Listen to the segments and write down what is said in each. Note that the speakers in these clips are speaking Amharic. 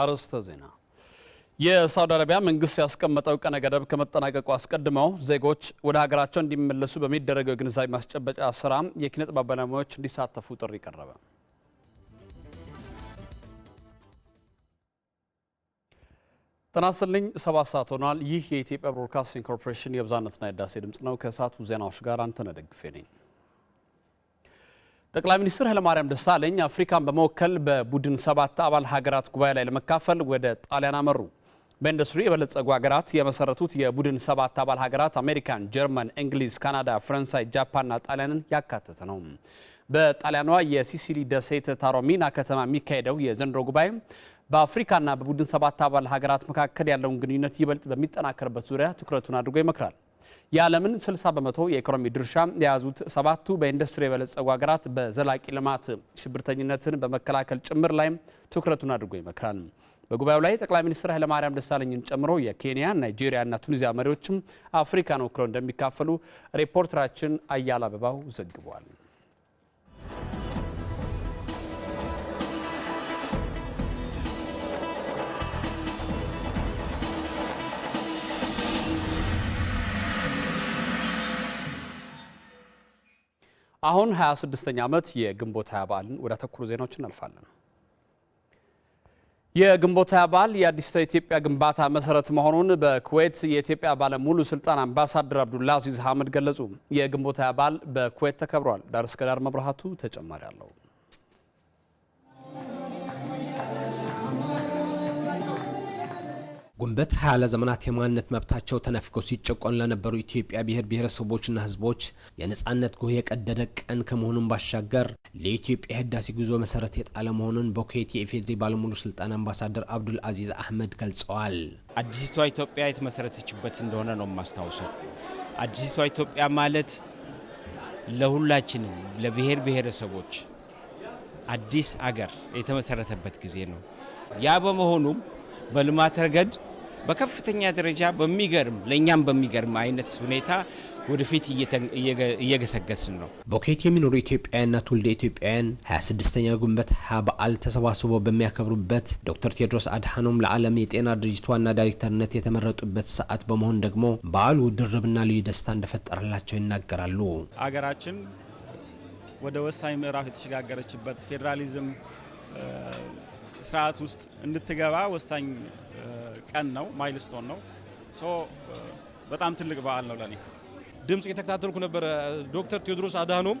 አርዕስተ ዜና። የሳውዲ አረቢያ መንግስት ያስቀመጠው ቀነ ገደብ ከመጠናቀቁ አስቀድመው ዜጎች ወደ ሀገራቸው እንዲመለሱ በሚደረገው የግንዛቤ ማስጨበጫ ስራ የኪነ ጥበብ ባለሙያዎች እንዲሳተፉ ጥሪ ቀረበ። ተናስልኝ ሰባት ሰዓት ሆኗል። ይህ የኢትዮጵያ ብሮድካስቲንግ ኮርፖሬሽን የብዛነትና የዳሴ ድምፅ ነው። ከሰዓቱ ዜናዎች ጋር አንተነህ ደግፌ ነኝ። ጠቅላይ ሚኒስትር ኃይለማርያም ደሳለኝ አፍሪካን በመወከል በቡድን ሰባት አባል ሀገራት ጉባኤ ላይ ለመካፈል ወደ ጣሊያን አመሩ። በኢንዱስትሪ የበለጸጉ ሀገራት የመሰረቱት የቡድን ሰባት አባል ሀገራት አሜሪካን፣ ጀርመን፣ እንግሊዝ፣ ካናዳ፣ ፈረንሳይ፣ ጃፓንና ጣሊያንን ያካተተ ነው። በጣሊያኗ የሲሲሊ ደሴት ታሮሚና ከተማ የሚካሄደው የዘንድሮ ጉባኤ በአፍሪካና በቡድን ሰባት አባል ሀገራት መካከል ያለውን ግንኙነት ይበልጥ በሚጠናከርበት ዙሪያ ትኩረቱን አድርጎ ይመክራል። የዓለምን 60 በመቶ የኢኮኖሚ ድርሻ የያዙት ሰባቱ በኢንዱስትሪ የበለጸጉ ሀገራት በዘላቂ ልማት ሽብርተኝነትን በመከላከል ጭምር ላይም ትኩረቱን አድርጎ ይመክራል። በጉባኤው ላይ ጠቅላይ ሚኒስትር ኃይለማርያም ደሳለኝን ጨምሮ የኬንያ፣ ናይጄሪያ እና ቱኒዚያ መሪዎችም አፍሪካን ወክለው እንደሚካፈሉ ሪፖርተራችን አያል አበባው ዘግቧል። አሁን 26ኛ ዓመት የግንቦት 20 በዓልን ወደ አተኩሩ ዜናዎች እናልፋለን። የግንቦት ሃያ በዓል የአዲስቷ ኢትዮጵያ ግንባታ መሰረት መሆኑን በኩዌት የኢትዮጵያ ባለሙሉ ስልጣን አምባሳደር አብዱላ አዚዝ አህመድ ገለጹ። የግንቦት 20 በዓል በኩዌት ተከብሯል። ዳር እስከ ዳር መብርሃቱ ተጨማሪ አለው። ግንቦት ሀያ ለዘመናት የማንነት መብታቸው ተነፍገው ሲጨቆን ለነበሩ ኢትዮጵያ ብሔር ብሔረሰቦችና ህዝቦች የነጻነት ጉህ የቀደደ ቀን ከመሆኑን ባሻገር ለኢትዮጵያ ህዳሴ ጉዞ መሰረት የጣለ መሆኑን በኩዌት የኢፌዴሪ ባለሙሉ ስልጣን አምባሳደር አብዱል አዚዝ አህመድ ገልጸዋል። አዲሲቷ ኢትዮጵያ የተመሰረተችበት እንደሆነ ነው የማስታውሰው። አዲሲቷ ኢትዮጵያ ማለት ለሁላችንም ለብሔር ብሔረሰቦች አዲስ አገር የተመሰረተበት ጊዜ ነው። ያ በመሆኑም በልማት ረገድ በከፍተኛ ደረጃ በሚገርም ለእኛም በሚገርም አይነት ሁኔታ ወደፊት እየገሰገስን ነው። በኩዌት የሚኖሩ ኢትዮጵያውያንና ትውልደ ኢትዮጵያውያን 26ኛ ግንቦት ሀ በዓል ተሰባስበው በሚያከብሩበት ዶክተር ቴድሮስ አድሃኖም ለዓለም የጤና ድርጅት ዋና ዳይሬክተርነት የተመረጡበት ሰዓት በመሆን ደግሞ በዓሉ ድርብና ልዩ ደስታ እንደፈጠረላቸው ይናገራሉ። አገራችን ወደ ወሳኝ ምዕራፍ የተሸጋገረችበት ፌዴራሊዝም ስርዓት ውስጥ እንድትገባ ወሳኝ ቀን ነው፣ ማይልስቶን ነው። ሶ በጣም ትልቅ በዓል ነው ለኔ። ድምፅ የተከታተልኩ ነበረ። ዶክተር ቴዎድሮስ አድሃኖም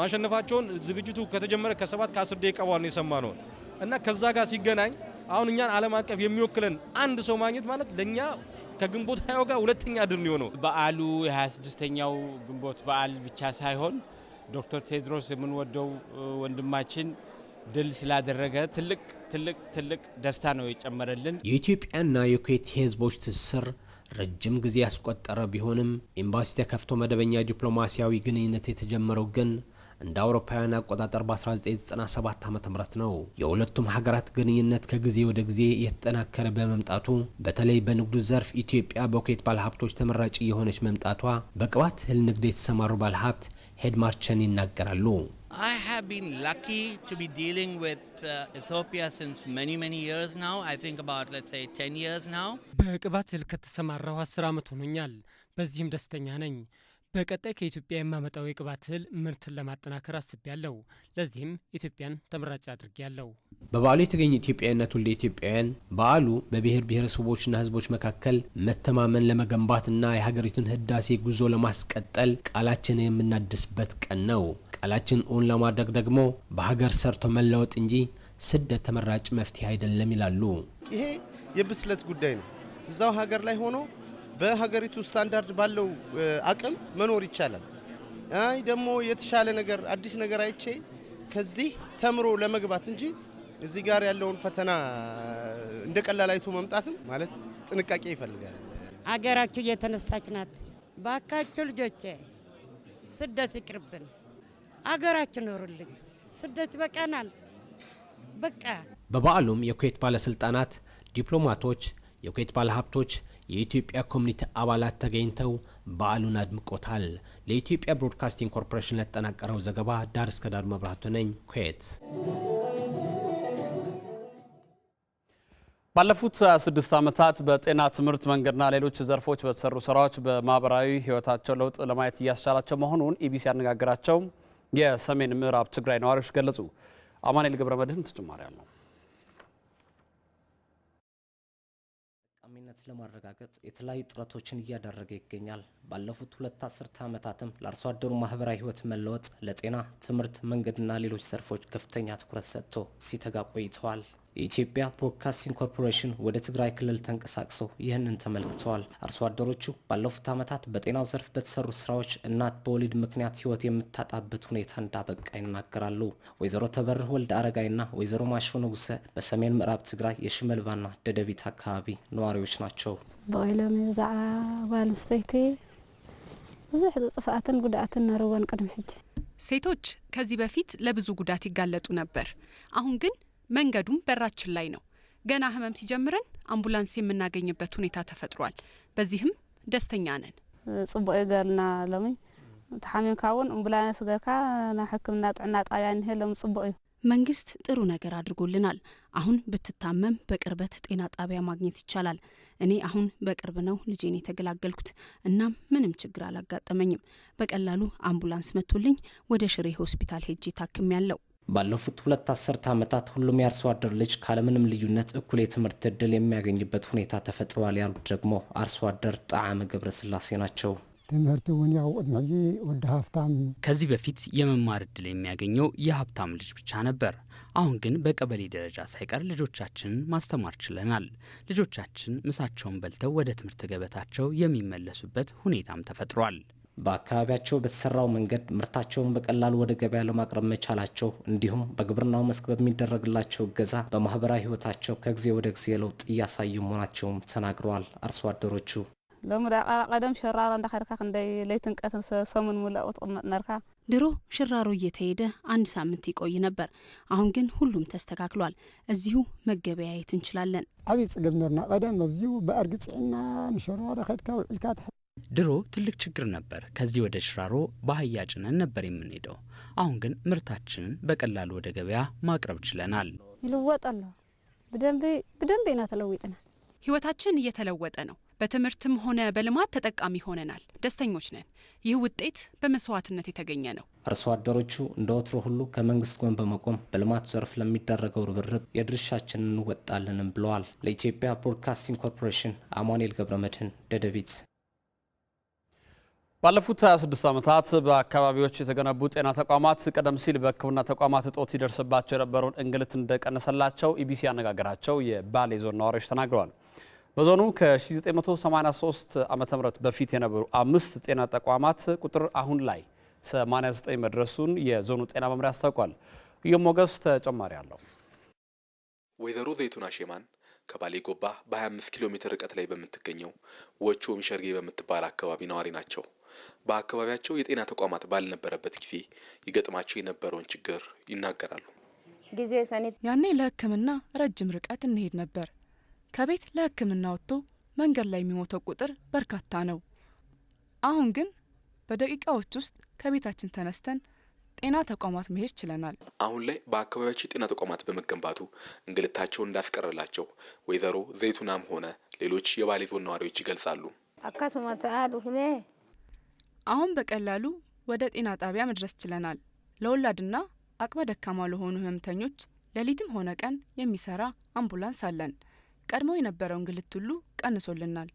ማሸነፋቸውን ዝግጅቱ ከተጀመረ ከሰባት ከአስር ደቂቃ በኋላ ነው የሰማ ነው እና ከዛ ጋር ሲገናኝ አሁን እኛን ዓለም አቀፍ የሚወክለን አንድ ሰው ማግኘት ማለት ለእኛ ከግንቦት ሀያው ጋር ሁለተኛ ድር የሆነው። በዓሉ የ26ኛው ግንቦት በዓል ብቻ ሳይሆን ዶክተር ቴዎድሮስ የምንወደው ወንድማችን ድል ስላደረገ ትልቅ ትልቅ ትልቅ ደስታ ነው የጨመረልን። የኢትዮጵያና የኩዌት ህዝቦች ትስስር ረጅም ጊዜ ያስቆጠረ ቢሆንም ኤምባሲ ተከፍቶ መደበኛ ዲፕሎማሲያዊ ግንኙነት የተጀመረው ግን እንደ አውሮፓውያን አቆጣጠር በ1997 ዓ.ም ነው። የሁለቱም ሀገራት ግንኙነት ከጊዜ ወደ ጊዜ የተጠናከረ በመምጣቱ በተለይ በንግዱ ዘርፍ ኢትዮጵያ በኩዌት ባለሀብቶች ተመራጭ የሆነች መምጣቷ በቅባት እህል ንግድ የተሰማሩ ባለሀብት ሄድማርቸን ይናገራሉ። I have been lucky to be dealing with uh, Ethiopia since many, many years now. I think about, let's say, 10 years now. በቅባት አስር ዓመት ሆኖኛል። በዚህም ደስተኛ ነኝ። በቀጣይ ከኢትዮጵያ የማመጣው የቅባት እህል ምርትን ለማጠናከር አስቤያለሁ። ለዚህም ኢትዮጵያን ተመራጭ አድርጌያለሁ። በበዓሉ የተገኘ ኢትዮጵያዊነቱ ሁሉ ኢትዮጵያውያን በዓሉ በብሔር ብሔረሰቦችና ሕዝቦች መካከል መተማመን ለመገንባትና የሀገሪቱን ህዳሴ ጉዞ ለማስቀጠል ቃላችን የምናድስበት ቀን ነው። ቃላችን እውን ለማድረግ ደግሞ በሀገር ሰርቶ መለወጥ እንጂ ስደት ተመራጭ መፍትሄ አይደለም ይላሉ። ይሄ የብስለት ጉዳይ ነው። እዛው ሀገር ላይ ሆኖ በሀገሪቱ ስታንዳርድ ባለው አቅም መኖር ይቻላል። አይ ደግሞ የተሻለ ነገር አዲስ ነገር አይቼ ከዚህ ተምሮ ለመግባት እንጂ እዚህ ጋር ያለውን ፈተና እንደ ቀላል አይቶ መምጣትም ማለት ጥንቃቄ ይፈልጋል። አገራችሁ እየተነሳች ናት። ባካችሁ ልጆቼ ስደት ይቅርብን፣ አገራችሁ ኖሩልኝ። ስደት ይበቃናል። በቃ። በበዓሉም የኩዌት ባለስልጣናት፣ ዲፕሎማቶች፣ የኩዌት ባለሀብቶች የኢትዮጵያ ኮሚኒቲ አባላት ተገኝተው በዓሉን አድምቆታል። ለኢትዮጵያ ብሮድካስቲንግ ኮርፖሬሽን ለተጠናቀረው ዘገባ ዳር እስከ ዳር መብራቱ ነኝ ኩዌት። ባለፉት ስድስት ዓመታት በጤና ትምህርት፣ መንገድና ሌሎች ዘርፎች በተሰሩ ስራዎች በማህበራዊ ህይወታቸው ለውጥ ለማየት እያስቻላቸው መሆኑን ኢቢሲ ያነጋገራቸው የሰሜን ምዕራብ ትግራይ ነዋሪዎች ገለጹ። አማኔል ገብረ መድህን ተጨማሪ አለው። ተጠቃሚነት ለማረጋገጥ የተለያዩ ጥረቶችን እያደረገ ይገኛል። ባለፉት ሁለት አስርተ ዓመታትም ለአርሶ አደሩ ማህበራዊ ህይወት መለወጥ፣ ለጤና፣ ትምህርት፣ መንገድና ሌሎች ዘርፎች ከፍተኛ ትኩረት ሰጥቶ ሲተጋ ቆይተዋል። የኢትዮጵያ ብሮድካስቲንግ ኮርፖሬሽን ወደ ትግራይ ክልል ተንቀሳቅሰው ይህንን ተመልክተዋል። አርሶ አደሮቹ ባለፉት ዓመታት በጤናው ዘርፍ በተሰሩ ስራዎች እናት በወሊድ ምክንያት ህይወት የምታጣበት ሁኔታ እንዳበቃ ይናገራሉ። ወይዘሮ ተበርህ ወልድ አረጋይና ወይዘሮ ማሾ ንጉሰ በሰሜን ምዕራብ ትግራይ የሽመልባና ደደቢት አካባቢ ነዋሪዎች ናቸው። በኢሎም ብዛዕባ ኣንስተይቲ ብዙሕ ጥፍኣትን ጉዳኣትን ነርወን ቅድሚ ሕጂ ሴቶች ከዚህ በፊት ለብዙ ጉዳት ይጋለጡ ነበር። አሁን ግን መንገዱም በራችን ላይ ነው። ገና ህመም ሲጀምረን አምቡላንስ የምናገኝበት ሁኔታ ተፈጥሯል። በዚህም ደስተኛ ነን። ጽቡቅ ይገርና ሎሚ ተሓሚምካ እውን አምቡላንስ ገርካ ና ሕክምና ጥዕና ጣብያ ኒሄ ሎም ጽቡቅ እዩ። መንግስት ጥሩ ነገር አድርጎልናል። አሁን ብትታመም በቅርበት ጤና ጣቢያ ማግኘት ይቻላል። እኔ አሁን በቅርብ ነው ልጄን የተገላገልኩት። እናም ምንም ችግር አላጋጠመኝም። በቀላሉ አምቡላንስ መጥቶልኝ ወደ ሽሬ ሆስፒታል ሄጄ ታክም ያለው ባለፉት ሁለት አስርተ ዓመታት ሁሉም የአርሶ አደር ልጅ ካለምንም ልዩነት እኩል የትምህርት እድል የሚያገኝበት ሁኔታ ተፈጥረዋል ያሉት ደግሞ አርሶ አደር ጣዕመ ገብረስላሴ ናቸው። ትምህርት እውን ያው ወደ ሀብታም ከዚህ በፊት የመማር እድል የሚያገኘው የሀብታም ልጅ ብቻ ነበር። አሁን ግን በቀበሌ ደረጃ ሳይቀር ልጆቻችንን ማስተማር ችለናል። ልጆቻችን ምሳቸውን በልተው ወደ ትምህርት ገበታቸው የሚመለሱበት ሁኔታም ተፈጥሯል። በአካባቢያቸው በተሰራው መንገድ ምርታቸውን በቀላሉ ወደ ገበያ ለማቅረብ መቻላቸው እንዲሁም በግብርናው መስክ በሚደረግላቸው እገዛ በማህበራዊ ሕይወታቸው ከጊዜ ወደ ጊዜ ለውጥ እያሳዩ መሆናቸውም ተናግረዋል። አርሶ አደሮቹ ቀደም ሸራሮ እንዳኸድካ ክንደይ ለይትን ቀትር ሰሙን ሙሉእ ትቅመጥ ነርካ። ድሮ ሽራሮ እየተሄደ አንድ ሳምንት ይቆይ ነበር። አሁን ግን ሁሉም ተስተካክሏል። እዚሁ መገበያየት እንችላለን። አብይ ጽግብ ነርና ቀደም ኣብዚሁ ብኣርግፅዕና ምሸራሮ ከድካ ውዒልካ ድሮ ትልቅ ችግር ነበር። ከዚህ ወደ ሽራሮ በአህያ ጭነን ነበር የምንሄደው። አሁን ግን ምርታችንን በቀላሉ ወደ ገበያ ማቅረብ ችለናል። ይልወጣል በደንብ ና ተለውጠናል። ህይወታችን እየተለወጠ ነው። በትምህርትም ሆነ በልማት ተጠቃሚ ሆነናል። ደስተኞች ነን። ይህ ውጤት በመስዋዕትነት የተገኘ ነው። አርሶ አደሮቹ እንደ ወትሮ ሁሉ ከመንግስት ጎን በመቆም በልማት ዘርፍ ለሚደረገው ርብርብ የድርሻችንን እንወጣለንም ብለዋል። ለኢትዮጵያ ብሮድካስቲንግ ኮርፖሬሽን አማኑኤል ገብረ መድህን ደደቢት ባለፉት 26 ዓመታት በአካባቢዎች የተገነቡ ጤና ተቋማት ቀደም ሲል በሕክምና ተቋማት እጦት ሲደርስባቸው የነበረውን እንግልት እንደቀነሰላቸው ኢቢሲ ያነጋገራቸው የባሌ ዞን ነዋሪዎች ተናግረዋል። በዞኑ ከ1983 ዓ ም በፊት የነበሩ አምስት ጤና ተቋማት ቁጥር አሁን ላይ 89 መድረሱን የዞኑ ጤና መምሪያ አስታውቋል። ይህም ሞገስ ተጨማሪ አለው። ወይዘሮ ዘይቱና ሼማን ከባሌ ጎባ በ25 ኪሎ ሜትር ርቀት ላይ በምትገኘው ወቾ ሚሸርጌ በምትባል አካባቢ ነዋሪ ናቸው። በአካባቢያቸው የጤና ተቋማት ባልነበረበት ጊዜ ይገጥማቸው የነበረውን ችግር ይናገራሉ። ያኔ ለሕክምና ረጅም ርቀት እንሄድ ነበር። ከቤት ለሕክምና ወጥቶ መንገድ ላይ የሚሞተው ቁጥር በርካታ ነው። አሁን ግን በደቂቃዎች ውስጥ ከቤታችን ተነስተን ጤና ተቋማት መሄድ ችለናል። አሁን ላይ በአካባቢያቸው የጤና ተቋማት በመገንባቱ እንግልታቸውን እንዳስቀረላቸው ወይዘሮ ዘይቱናም ሆነ ሌሎች የባሌ ዞን ነዋሪዎች ይገልጻሉ። አሁን በቀላሉ ወደ ጤና ጣቢያ መድረስ ችለናል። ለወላድና አቅመ ደካማ ለሆኑ ህመምተኞች ሌሊትም ሆነ ቀን የሚሰራ አምቡላንስ አለን። ቀድሞ የነበረው እንግልት ሁሉ ቀንሶልናል።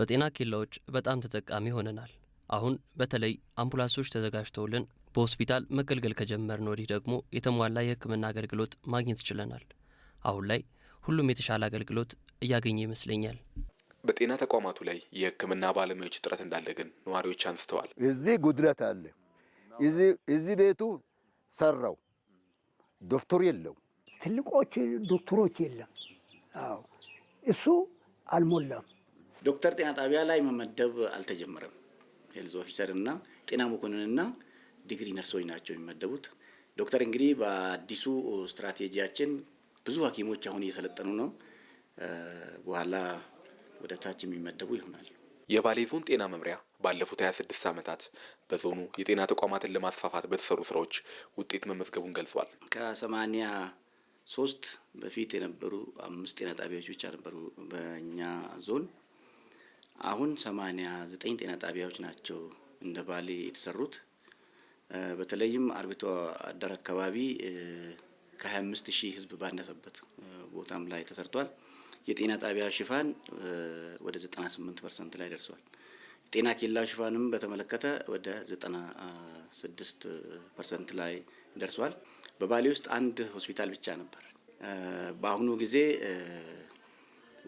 በጤና ኬላዎች በጣም ተጠቃሚ ሆነናል። አሁን በተለይ አምቡላንሶች ተዘጋጅተውልን በሆስፒታል መገልገል ከጀመርን ወዲህ ደግሞ የተሟላ የህክምና አገልግሎት ማግኘት ችለናል። አሁን ላይ ሁሉም የተሻለ አገልግሎት እያገኘ ይመስለኛል። በጤና ተቋማቱ ላይ የሕክምና ባለሙያዎች እጥረት እንዳለ ግን ነዋሪዎች አንስተዋል። እዚህ ጉድለት አለ። እዚህ ቤቱ ሰራው ዶክተር የለው ትልቆች ዶክተሮች የለም። አዎ እሱ አልሞላም። ዶክተር ጤና ጣቢያ ላይ መመደብ አልተጀመረም። ሄልዝ ኦፊሰር እና ጤና መኮንንና ዲግሪ ነርሶች ናቸው የሚመደቡት። ዶክተር እንግዲህ በአዲሱ ስትራቴጂያችን ብዙ ሐኪሞች አሁን እየሰለጠኑ ነው። በኋላ ወደ ታች የሚመደቡ ይሆናል። የባሌ ዞን ጤና መምሪያ ባለፉት 26 ዓመታት በዞኑ የጤና ተቋማትን ለማስፋፋት በተሰሩ ስራዎች ውጤት መመዝገቡን ገልጿል። ከሰማኒያ ሶስት በፊት የነበሩ አምስት ጤና ጣቢያዎች ብቻ ነበሩ በእኛ ዞን። አሁን ሰማኒያ ዘጠኝ ጤና ጣቢያዎች ናቸው እንደ ባሌ የተሰሩት። በተለይም አርብቶ አደር አካባቢ ከ25 ሺህ ህዝብ ባነሰበት ቦታም ላይ ተሰርቷል። የጤና ጣቢያ ሽፋን ወደ 98 ፐርሰንት ላይ ደርሷል። ጤና ኬላ ሽፋንም በተመለከተ ወደ 96 ፐርሰንት ላይ ደርሷል። በባሌ ውስጥ አንድ ሆስፒታል ብቻ ነበር። በአሁኑ ጊዜ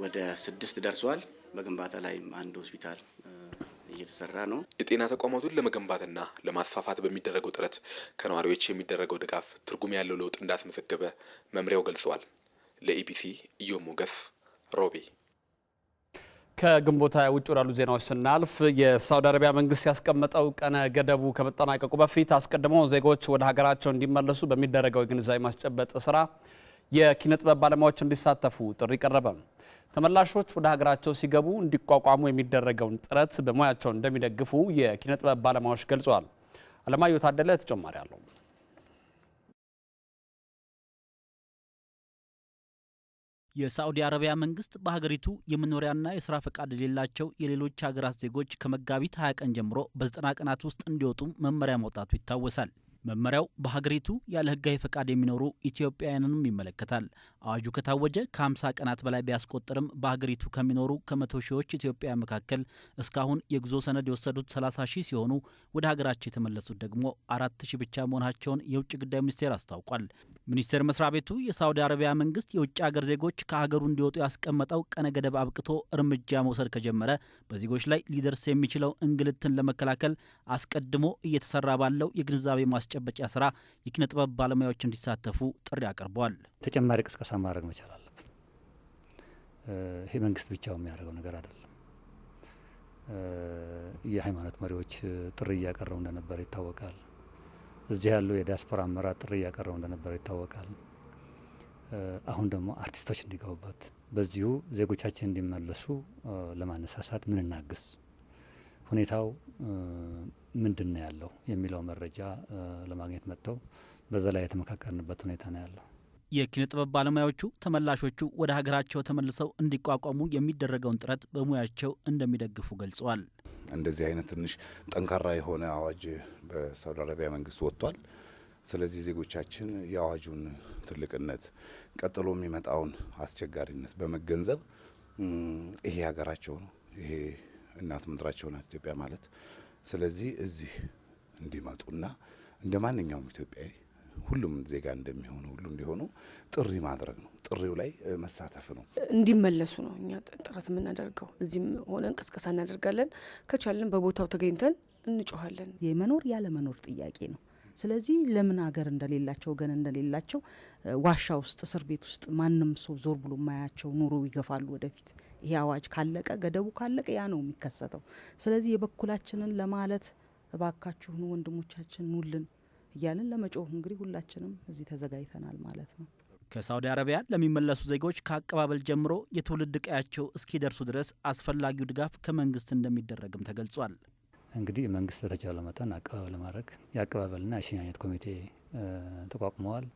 ወደ ስድስት ደርሷል። በግንባታ ላይም አንድ ሆስፒታል እየተሰራ ነው። የጤና ተቋማቱን ለመገንባትና ለማስፋፋት በሚደረገው ጥረት ከነዋሪዎች የሚደረገው ድጋፍ ትርጉም ያለው ለውጥ እንዳስመዘገበ መምሪያው ገልጸዋል። ለኢቢሲ ኢዮ ሞገስ ሮቢ ከግንቦት ውጭ ወዳሉ ዜናዎች ስናልፍ የሳውዲ አረቢያ መንግስት ያስቀመጠው ቀነ ገደቡ ከመጠናቀቁ በፊት አስቀድሞ ዜጎች ወደ ሀገራቸው እንዲመለሱ በሚደረገው የግንዛቤ ማስጨበጥ ስራ የኪነ ጥበብ ባለሙያዎች እንዲሳተፉ ጥሪ ቀረበ። ተመላሾች ወደ ሀገራቸው ሲገቡ እንዲቋቋሙ የሚደረገውን ጥረት በሙያቸው እንደሚደግፉ የኪነ ጥበብ ባለሙያዎች ገልጸዋል። አለማየሁ ታደለ ተጨማሪ አለው። የሳዑዲ አረቢያ መንግስት በሀገሪቱ የመኖሪያና የስራ ፈቃድ የሌላቸው የሌሎች ሀገራት ዜጎች ከመጋቢት 20 ቀን ጀምሮ በዘጠና ቀናት ውስጥ እንዲወጡ መመሪያ መውጣቱ ይታወሳል። መመሪያው በሀገሪቱ ያለ ህጋዊ ፈቃድ የሚኖሩ ኢትዮጵያውያንንም ይመለከታል። አዋጁ ከታወጀ ከ50 ቀናት በላይ ቢያስቆጥርም በሀገሪቱ ከሚኖሩ ከመቶ ሺዎች ኢትዮጵያውያን መካከል እስካሁን የጉዞ ሰነድ የወሰዱት 30 ሺህ ሲሆኑ ወደ ሀገራቸው የተመለሱት ደግሞ አራት ሺህ ብቻ መሆናቸውን የውጭ ጉዳይ ሚኒስቴር አስታውቋል። ሚኒስቴር መስሪያ ቤቱ የሳውዲ አረቢያ መንግስት የውጭ ሀገር ዜጎች ከሀገሩ እንዲወጡ ያስቀመጠው ቀነ ገደብ አብቅቶ እርምጃ መውሰድ ከጀመረ በዜጎች ላይ ሊደርስ የሚችለው እንግልትን ለመከላከል አስቀድሞ እየተሰራ ባለው የግንዛቤ ማስጨበጫ ስራ የኪነ ጥበብ ባለሙያዎች እንዲሳተፉ ጥሪ አቅርበዋል። ተጨማሪ ቅስቀሳ ማድረግ መቻል አለብን። ይሄ መንግስት ብቻው የሚያደርገው ነገር አይደለም። የሃይማኖት መሪዎች ጥሪ እያቀረቡ እንደነበር ይታወቃል። እዚህ ያለው የዲያስፖራ አመራር ጥሪ እያቀረቡ እንደነበረ ይታወቃል። አሁን ደግሞ አርቲስቶች እንዲገቡበት በዚሁ ዜጎቻችን እንዲመለሱ ለማነሳሳት ምን እናግዝ፣ ሁኔታው ምንድን ነው ያለው የሚለው መረጃ ለማግኘት መጥተው በዛ ላይ የተመካከርንበት ሁኔታ ነው ያለው። የኪነ ጥበብ ባለሙያዎቹ ተመላሾቹ ወደ ሀገራቸው ተመልሰው እንዲቋቋሙ የሚደረገውን ጥረት በሙያቸው እንደሚደግፉ ገልጸዋል። እንደዚህ አይነት ትንሽ ጠንካራ የሆነ አዋጅ በሳውዲ አረቢያ መንግስት ወጥቷል። ስለዚህ ዜጎቻችን የአዋጁን ትልቅነት ቀጥሎ የሚመጣውን አስቸጋሪነት በመገንዘብ ይሄ ሀገራቸው ነው፣ ይሄ እናት ምድራቸው ናት ኢትዮጵያ ማለት። ስለዚህ እዚህ እንዲመጡና እንደ ማንኛውም ኢትዮጵያዊ ሁሉም ዜጋ እንደሚሆኑ ሁሉ እንዲሆኑ ጥሪ ማድረግ ነው። ጥሪው ላይ መሳተፍ ነው። እንዲመለሱ ነው እኛ ጥረት የምናደርገው። እዚህም ሆነን ቅስቀሳ እናደርጋለን። ከቻለን በቦታው ተገኝተን እንጮኋለን። የመኖር ያለመኖር ጥያቄ ነው። ስለዚህ ለምን ሀገር እንደሌላቸው ወገን እንደሌላቸው ዋሻ ውስጥ እስር ቤት ውስጥ ማንም ሰው ዞር ብሎ ማያቸው ኑሮ ይገፋሉ። ወደፊት ይሄ አዋጅ ካለቀ ገደቡ ካለቀ ያ ነው የሚከሰተው። ስለዚህ የበኩላችንን ለማለት እባካችሁኑ ወንድሞቻችን ኑልን። እያልን ለመጮህ እንግዲህ ሁላችንም እዚህ ተዘጋጅተናል ማለት ነው። ከሳውዲ አረቢያ ለሚመለሱ ዜጎች ከአቀባበል ጀምሮ የትውልድ ቀያቸው እስኪደርሱ ድረስ አስፈላጊው ድጋፍ ከመንግስት እንደሚደረግም ተገልጿል። እንግዲህ መንግስት በተቻለ መጠን አቀባበል ለማድረግ የአቀባበልና የሽኛኘት ኮሚቴ ተቋቁመዋል።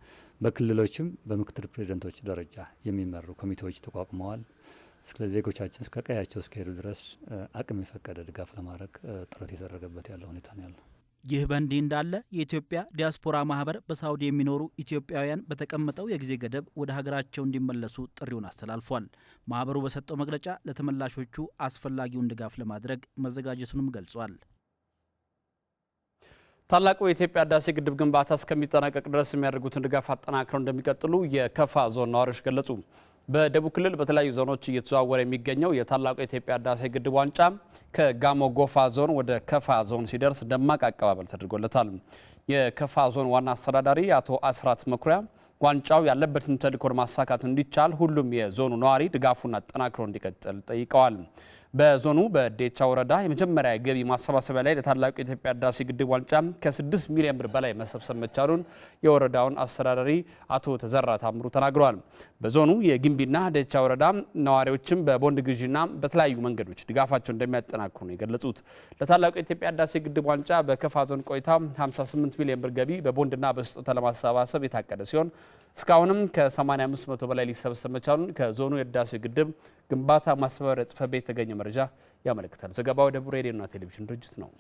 በክልሎችም በምክትል ፕሬዚደንቶች ደረጃ የሚመሩ ኮሚቴዎች ተቋቁመዋል። ስለ ዜጎቻችን እስከ ቀያቸው እስከሄዱ ድረስ አቅም የፈቀደ ድጋፍ ለማድረግ ጥረት የተደረገበት ያለው ሁኔታ ነው ያለው። ይህ በእንዲህ እንዳለ የኢትዮጵያ ዲያስፖራ ማህበር በሳውዲ የሚኖሩ ኢትዮጵያውያን በተቀመጠው የጊዜ ገደብ ወደ ሀገራቸው እንዲመለሱ ጥሪውን አስተላልፏል። ማህበሩ በሰጠው መግለጫ ለተመላሾቹ አስፈላጊውን ድጋፍ ለማድረግ መዘጋጀቱንም ገልጿል። ታላቁ የኢትዮጵያ ህዳሴ ግድብ ግንባታ እስከሚጠናቀቅ ድረስ የሚያደርጉትን ድጋፍ አጠናክረው እንደሚቀጥሉ የከፋ ዞን ነዋሪዎች ገለጹ። በደቡብ ክልል በተለያዩ ዞኖች እየተዘዋወረ የሚገኘው የታላቁ የኢትዮጵያ ህዳሴ ግድብ ዋንጫ ከጋሞ ጎፋ ዞን ወደ ከፋ ዞን ሲደርስ ደማቅ አቀባበል ተደርጎለታል። የከፋ ዞን ዋና አስተዳዳሪ አቶ አስራት መኩሪያ ዋንጫው ያለበትን ተልዕኮ ማሳካት እንዲቻል ሁሉም የዞኑ ነዋሪ ድጋፉን አጠናክሮ እንዲቀጥል ጠይቀዋል። በዞኑ በዴቻ ወረዳ የመጀመሪያ ገቢ ማሰባሰቢያ ላይ ለታላቁ የኢትዮጵያ ህዳሴ ግድብ ዋንጫ ከ6 ሚሊዮን ብር በላይ መሰብሰብ መቻሉን የወረዳውን አስተዳዳሪ አቶ ተዘራ ታምሩ ተናግረዋል። በዞኑ የግንቢና ዴቻ ወረዳ ነዋሪዎችም በቦንድ ግዢና በተለያዩ መንገዶች ድጋፋቸውን እንደሚያጠናክሩ ነው የገለጹት። ለታላቁ የኢትዮጵያ ህዳሴ ግድብ ዋንጫ በከፋ ዞን ቆይታ 58 ሚሊዮን ብር ገቢ በቦንድና በስጦታ ለማሰባሰብ የታቀደ ሲሆን እስካሁንም ከ 8500 በላይ ሊሰበሰብ መቻሉን ከዞኑ የህዳሴ ግድብ ግንባታ ማስተባበሪያ ጽሕፈት ቤት የተገኘ መረጃ ያመለክታል። ዘገባው የደቡብ ሬዲዮና ቴሌቪዥን ድርጅት ነው።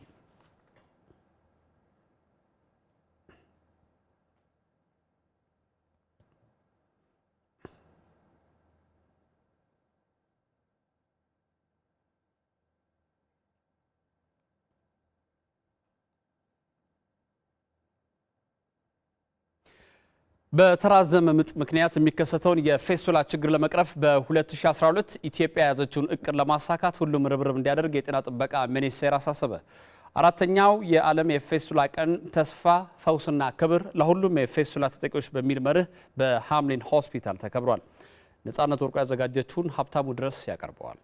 በተራዘመ ምጥ ምክንያት የሚከሰተውን የፌስቱላ ችግር ለመቅረፍ በ2012 ኢትዮጵያ የያዘችውን እቅድ ለማሳካት ሁሉም ርብርብ እንዲያደርግ የጤና ጥበቃ ሚኒስቴር አሳሰበ። አራተኛው የዓለም የፌስቱላ ቀን ተስፋ፣ ፈውስና ክብር ለሁሉም የፌስቱላ ተጠቂዎች በሚል መርህ በሃምሊን ሆስፒታል ተከብሯል። ነጻነት ወርቆ ያዘጋጀችውን ሀብታሙ ድረስ ያቀርበዋል።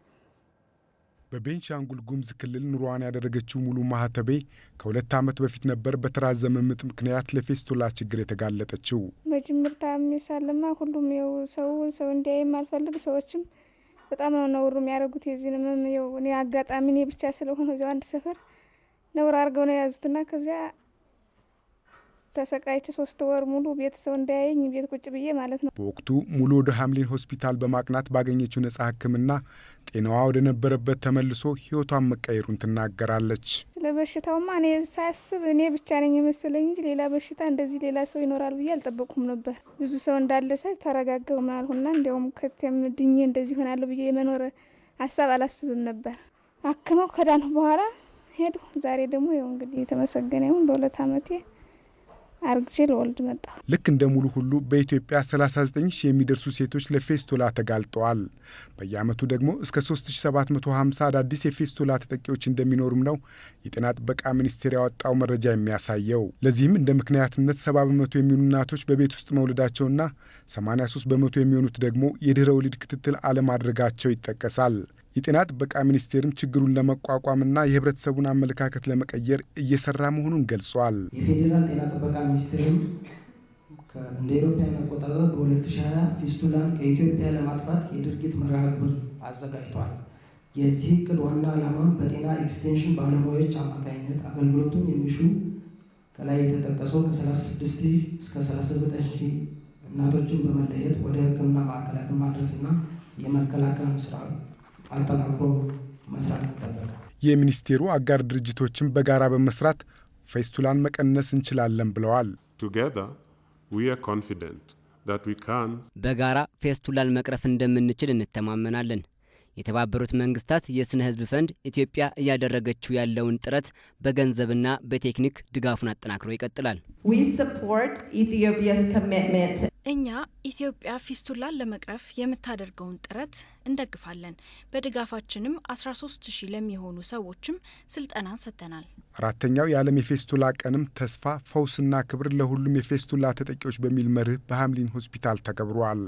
በቤንሻንጉል ጉምዝ ክልል ኑሯዋን ያደረገችው ሙሉ ማህተቤ ከሁለት ዓመት በፊት ነበር በተራዘመ ምጥ ምክንያት ለፌስቶላ ችግር የተጋለጠችው። በጅምር ታምሜ ሳለማ ሁሉም ው ሰው ሰው እንዲያይ የማልፈልግ ሰዎችም በጣም ነው ነውሩ የሚያደርጉት። የዚህ ምም አጋጣሚ እኔ ብቻ ስለሆነ እዚያው አንድ ሰፈር ነውር አድርገው ነው የያዙትና ከዚያ ተሰቃይች ሶስት ወር ሙሉ ቤተሰብ እንዳያየኝ ቤት ቁጭ ብዬ ማለት ነው። በወቅቱ ሙሉ ወደ ሀምሊን ሆስፒታል በማቅናት ባገኘችው ነጻ ሕክምና ጤናዋ ወደ ነበረበት ተመልሶ ህይወቷን መቀየሩን ትናገራለች። ስለ በሽታውማ እኔ ሳያስብ እኔ ብቻ ነኝ የመሰለኝ እንጂ ሌላ በሽታ እንደዚህ ሌላ ሰው ይኖራል ብዬ አልጠበቁም ነበር። ብዙ ሰው እንዳለ ተረጋገው ምናልሁና እንዲያውም ከቴም ድኜ እንደዚህ ሆናለሁ ብዬ የመኖር ሀሳብ አላስብም ነበር። አክመው ከዳንሁ በኋላ ሄዱ። ዛሬ ደግሞ ይኸው እንግዲህ የተመሰገነ ይሁን በሁለት አመቴ አርግዤ ልወልድ መጣ። ልክ እንደ ሙሉ ሁሉ በኢትዮጵያ 39 ሺህ የሚደርሱ ሴቶች ለፌስቶላ ተጋልጠዋል። በየአመቱ ደግሞ እስከ 3750 አዳዲስ የፌስቶላ ተጠቂዎች እንደሚኖሩም ነው የጤና ጥበቃ ሚኒስቴር ያወጣው መረጃ የሚያሳየው። ለዚህም እንደ ምክንያትነት 70 በመቶ የሚሆኑ እናቶች በቤት ውስጥ መውለዳቸውና 83 በመቶ የሚሆኑት ደግሞ የድህረ ወሊድ ክትትል አለማድረጋቸው ይጠቀሳል። የጤና ጥበቃ ሚኒስቴርም ችግሩን ለመቋቋምና የህብረተሰቡን አመለካከት ለመቀየር እየሰራ መሆኑን ገልጿል። የፌዴራል ጤና ጥበቃ ሚኒስቴርም እንደ አውሮፓውያን አቆጣጠር በ2020 ፊስቱላን ከኢትዮጵያ ለማጥፋት የድርጊት መርሃ ግብር አዘጋጅቷል። የዚህ እቅድ ዋና ዓላማ በጤና ኤክስቴንሽን ባለሙያዎች አማካኝነት አገልግሎቱን የሚሹ ከላይ የተጠቀሰው ከ36 እስከ 39 እናቶችን በመለየት ወደ ህክምና ማዕከላት ማድረስና የመከላከል ስራ ነው። አጠናክሮ መስራት ይጠበቃል። የሚኒስቴሩ አጋር ድርጅቶችን በጋራ በመስራት ፌስቱላን መቀነስ እንችላለን ብለዋል። በጋራ ፌስቱላን መቅረፍ እንደምንችል እንተማመናለን። የተባበሩት መንግስታት የስነ ህዝብ ፈንድ ኢትዮጵያ እያደረገችው ያለውን ጥረት በገንዘብና በቴክኒክ ድጋፉን አጠናክሮ ይቀጥላል። እኛ ኢትዮጵያ ፊስቱላን ለመቅረፍ የምታደርገውን ጥረት እንደግፋለን። በድጋፋችንም 13 ሺህ ለሚሆኑ ሰዎችም ስልጠና ሰጥተናል። አራተኛው የዓለም የፌስቱላ ቀንም ተስፋ ፈውስና ክብር ለሁሉም የፌስቱላ ተጠቂዎች በሚል መርህ በሀምሊን ሆስፒታል ተከብሯል።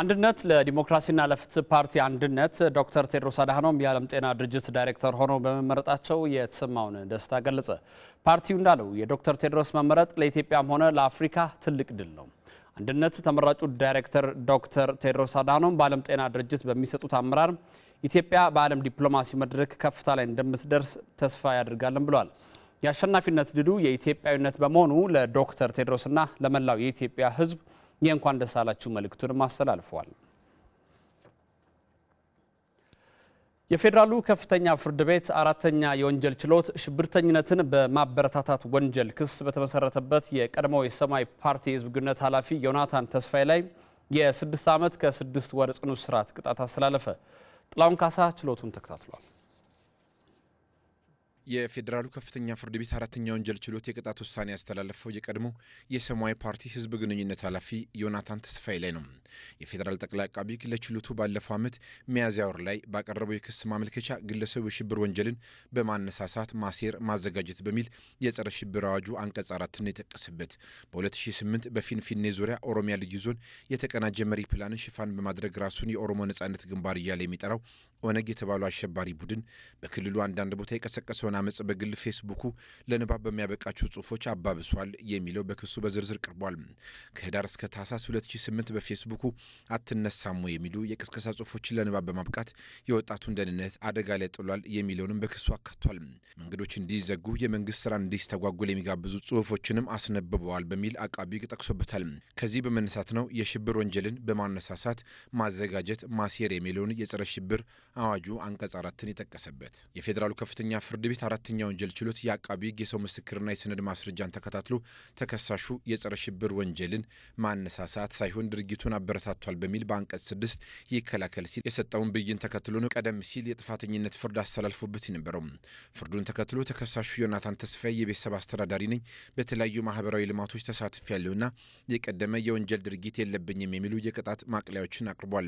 አንድነት ለዲሞክራሲና ለፍትህ ፓርቲ አንድነት ዶክተር ቴድሮስ አድሃኖም የዓለም ጤና ድርጅት ዳይሬክተር ሆኖ በመመረጣቸው የተሰማውን ደስታ ገለጸ። ፓርቲው እንዳለው የዶክተር ቴድሮስ መመረጥ ለኢትዮጵያም ሆነ ለአፍሪካ ትልቅ ድል ነው። አንድነት ተመራጩ ዳይሬክተር ዶክተር ቴድሮስ አድሃኖም በዓለም ጤና ድርጅት በሚሰጡት አመራር ኢትዮጵያ በዓለም ዲፕሎማሲ መድረክ ከፍታ ላይ እንደምትደርስ ተስፋ ያደርጋለን ብሏል የአሸናፊነት ድሉ የኢትዮጵያዊነት በመሆኑ ለዶክተር ቴድሮስና ለመላው የኢትዮጵያ ሕዝብ የእንኳን ደስ አላችሁ መልእክቱንም አስተላልፈዋል። የፌዴራሉ ከፍተኛ ፍርድ ቤት አራተኛ የወንጀል ችሎት ሽብርተኝነትን በማበረታታት ወንጀል ክስ በተመሰረተበት የቀድሞው የሰማይ ፓርቲ የሕዝብ ግንኙነት ኃላፊ ዮናታን ተስፋዬ ላይ የስድስት ዓመት ከስድስት ወር ጽኑ እስራት ቅጣት አስተላለፈ። ጥላውን ካሳ ችሎቱን ተከታትሏል። የፌዴራሉ ከፍተኛ ፍርድ ቤት አራተኛ ወንጀል ችሎት የቅጣት ውሳኔ ያስተላለፈው የቀድሞ የሰማያዊ ፓርቲ ህዝብ ግንኙነት ኃላፊ ዮናታን ተስፋዬ ላይ ነው። የፌዴራል ጠቅላይ አቃቢ ህግ ለችሎቱ ባለፈው ዓመት ሚያዝያ ወር ላይ ባቀረበው የክስ ማመልከቻ ግለሰቡ የሽብር ወንጀልን በማነሳሳት ማሴር፣ ማዘጋጀት በሚል የጸረ ሽብር አዋጁ አንቀጽ አራትን የጠቀስበት በ2008 በፊንፊኔ ዙሪያ ኦሮሚያ ልዩ ዞን የተቀናጀ መሪ ፕላንን ሽፋን በማድረግ ራሱን የኦሮሞ ነጻነት ግንባር እያለ የሚጠራው ኦነግ የተባለው አሸባሪ ቡድን በክልሉ አንዳንድ ቦታ የቀሰቀሰውን አመፅ በግል ፌስቡኩ ለንባብ በሚያበቃቸው ጽሁፎች አባብሷል የሚለው በክሱ በዝርዝር ቀርቧል። ከህዳር እስከ ታህሳስ 2008 በፌስቡኩ አትነሳሙ የሚሉ የቅስቀሳ ጽሁፎችን ለንባብ በማብቃት የወጣቱን ደህንነት አደጋ ላይ ጥሏል የሚለውንም በክሱ አካቷል። መንገዶች እንዲዘጉ፣ የመንግስት ስራ እንዲስተጓጉል የሚጋብዙ ጽሁፎችንም አስነብበዋል በሚል አቃቢ ጠቅሶበታል። ከዚህ በመነሳት ነው የሽብር ወንጀልን በማነሳሳት ማዘጋጀት ማሴር የሚለውን የጸረ ሽብር አዋጁ አንቀጽ አራትን የጠቀሰበት የፌዴራሉ ከፍተኛ ፍርድ ቤት አራተኛ ወንጀል ችሎት የአቃቢ ሕግ የሰው ምስክርና የሰነድ ማስረጃን ተከታትሎ ተከሳሹ የጸረ ሽብር ወንጀልን ማነሳሳት ሳይሆን ድርጊቱን አበረታቷል በሚል በአንቀጽ ስድስት ይከላከል ሲል የሰጠውን ብይን ተከትሎ ነው ቀደም ሲል የጥፋተኝነት ፍርድ አስተላልፎበት የነበረው። ፍርዱን ተከትሎ ተከሳሹ ዮናታን ተስፋዬ የቤተሰብ አስተዳዳሪ ነኝ፣ በተለያዩ ማህበራዊ ልማቶች ተሳትፍ ያለውና የቀደመ የወንጀል ድርጊት የለብኝም የሚሉ የቅጣት ማቅለያዎችን አቅርቧል።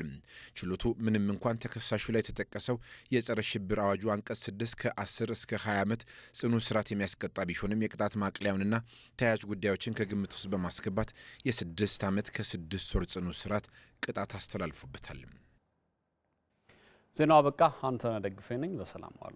ችሎቱ ምንም እንኳን ተከሳሹ ላይ የተጠቀሰው የጸረ ሽብር አዋጁ አንቀጽ 6 ከ10 እስከ 20 ዓመት ጽኑ እስራት የሚያስቀጣ ቢሆንም የቅጣት ማቅለያውንና ተያያዥ ጉዳዮችን ከግምት ውስጥ በማስገባት የስድስት ዓመት ከስድስት ወር ጽኑ እስራት ቅጣት አስተላልፎበታል። ዜናው አበቃ። አንተነህ ደግፌ ነኝ። በሰላም ዋሉ።